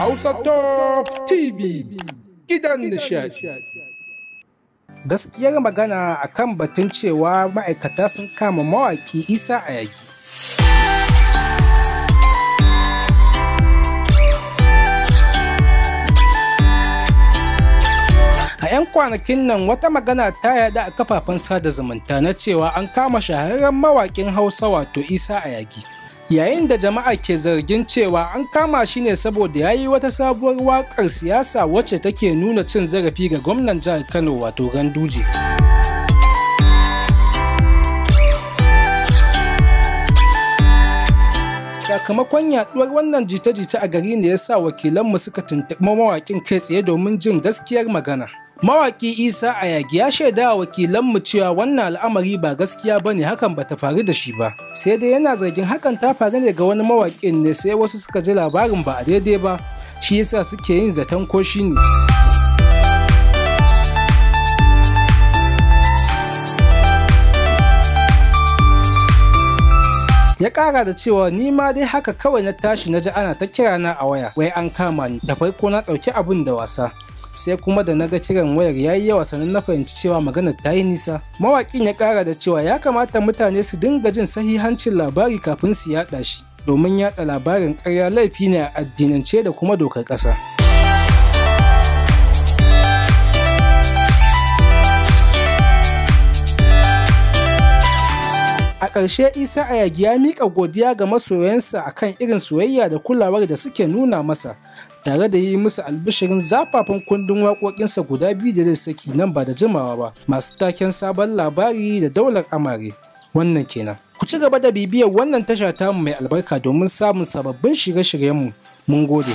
Hausa Top TV gidan nishadi. Gaskiyar magana a kan batun cewa ma'aikata sun kama mawaki Isa a yaki. A 'yan kwanakin nan wata magana ta yada a kafafen sada zumunta na cewa an kama shahararren mawaƙin Hausa wato Isa a yaki. yayin da jama'a ke zargin cewa an kama shi ne saboda ya yi wata sabuwar wakar siyasa wacce take nuna cin zarafi ga gwamnan jihar kano wato ganduje sakamakon yaduwar wannan jita-jita a gari ne ya sa wakilanmu suka tuntuɓi mawaƙin kai tsaye domin jin gaskiyar magana Mawaƙi Isa Ayagi ya shaida wa mu cewa wannan al'amari ba gaskiya ba ne hakan bata faru da shi ba, sai dai yana zargin hakan ta faru ne ga wani mawaƙin ne sai wasu suka ji labarin ba a daidai ba, shi yasa suke yin zaton ko shi ne. ya kara da cewa ni ma dai haka kawai na tashi na ji ana ta kirana a waya wai an kama ni da farko na ɗauki abin da wasa sai kuma da naga kiran wayar ya yi yawa sannan na fahimci cewa maganar ta yi nisa mawaƙin ya ƙara da cewa ya kamata mutane su dinga jin sahihancin labari kafin su yaɗa shi domin yaɗa labarin ƙarya laifi ne a addinance da kuma dokar ƙasa. A ƙarshe Isa Ayagi ya miƙa godiya ga masoyansa akan irin soyayya da kulawar da suke nuna masa tare da yi musu albishirin zafafan kundin waƙoƙinsa guda biyu da zai saki nan ba da jimawa ba masu taken sabon labari da daular amare wannan kenan ku ci gaba da bibiyar wannan tasha tamu mai albarka domin samun sababbin shirye-shiryenmu mun gode.